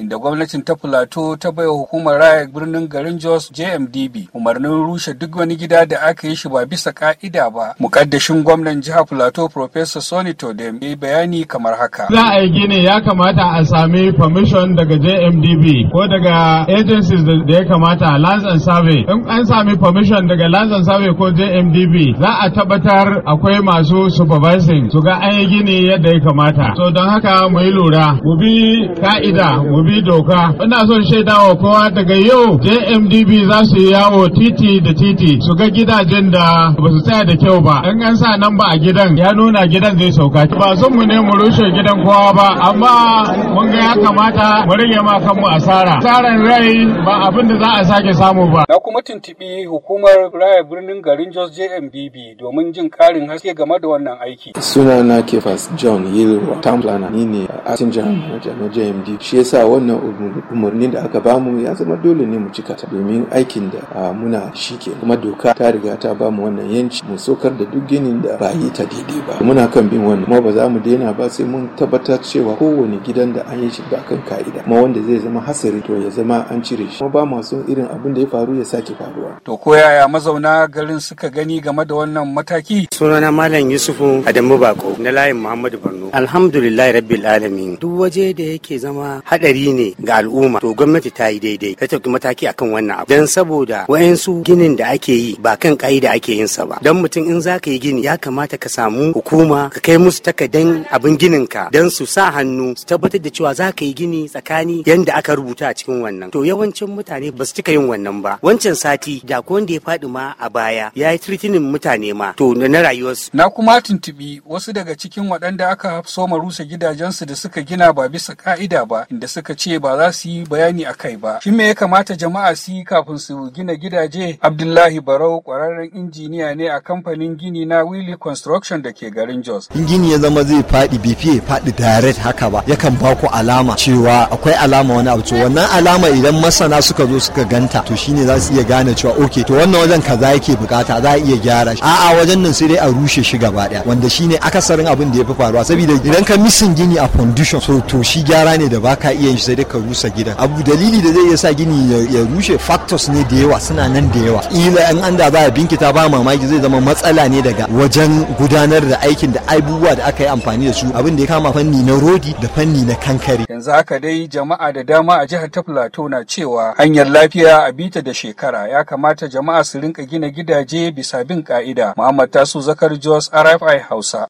inda gwamnatin ta Filato ta baiwa hukumar raya birnin garin Jos JMDB umarnin rushe duk wani gida da aka yi shi ba bisa ka'ida ba. Mukaddashin gwamnan jihar Filato Professor Sony Todem ya bayani kamar haka. Za a yi gini ya kamata a sami permission daga JMDB ko daga agencies da ya kamata Lands and Survey. In an sami permission daga Lands and Survey ko JMDB za a tabbatar akwai masu supervising su ga an yi gini yadda ya kamata. So don haka mu yi lura, mu bi ka'ida, mu bi doka ina son shaidawa kowa daga yau jmdb za su yi yawo titi da titi su ga gidajen da ba su tsaya da kyau ba in an sa nan ba a gidan ya nuna gidan zai sauka ba son mu ne mu rushe gidan kowa ba amma mun ga ya kamata mu rage ma kanmu asara asaran rai ba abin da za a sake samu ba na kuma tuntubi hukumar raya birnin garin jos jmdb domin jin karin haske game da wannan aiki sunana kefas john yilwa Tamplana ni ne a jami'a na JMDB. shi yasa wannan umarni da aka bamu ya zama dole ne mu cika ta domin aikin da muna shi ke kuma doka ta riga ta bamu wannan yanci mu sokar da duk ginin da ba yi ta daidai ba muna kan bin wannan kuma ba za mu daina ba sai mun tabbatar cewa kowane gidan da an yi shi ba kan ka'ida kuma wanda zai zama hasari to ya zama an cire shi kuma ba masu irin abin da ya faru ya sake faruwa to ko yaya mazauna garin suka gani game da wannan mataki sunana malam yusufu adamu bako na layin muhammadu borno alhamdulillah rabbil alamin duk waje da yake zama hadari hatsari ne ga al'umma to gwamnati ta yi daidai ta tafi mataki akan wannan abu dan saboda wayansu ginin da ake yi ba kan ka'ida ake yin sa ba dan mutum in za ka yi gini ya kamata ka samu hukuma ka kai musu takardan abin ginin ka dan su sa hannu su tabbatar da cewa za ka yi gini tsakani yanda aka rubuta a cikin wannan to yawancin mutane ba su cika yin wannan ba wancan sati da ko wanda ya faɗi ma a baya ya yi tritinin mutane ma to na rayuwarsu na kuma tuntubi wasu daga cikin waɗanda aka hafso rusa gidajensu da suka gina ba bisa ka'ida ba inda suka suka ce ba za su yi bayani a kai ba. Shin me ya kamata jama'a su yi kafin su gina gidaje? Abdullahi Barau kwararren injiniya ne a kamfanin gini na Willy Construction da ke garin Jos. In gini ya zama zai faɗi bai faɗi direct haka ba yakan ba ku alama cewa akwai alama wani abu. Wannan alama idan masana suka zo suka ganta to shine za su iya gane cewa ok to wannan wajen kaza yake bukata za a iya gyara shi. A'a wajen nan sai dai a rushe shi gaba ɗaya wanda shine akasarin abin da ya fi faruwa saboda idan ka misin gini a foundation so to shi gyara ne da baka iya shi sai dai ka rusa gidan abu dalili da zai iya sa gini ya rushe factors ne da yawa suna nan da yawa ila an anda za a binkita ba mamaki zai zama matsala ne daga wajen gudanar da aikin da abubuwa da aka yi amfani da su abin da ya kama fanni na rodi da fanni na kankare yanzu haka dai jama'a da dama a jihar ta plateau na cewa hanyar lafiya a bita da shekara ya kamata jama'a su rinka gina gidaje bisa bin ka'ida muhammad tasu zakar jos rfi hausa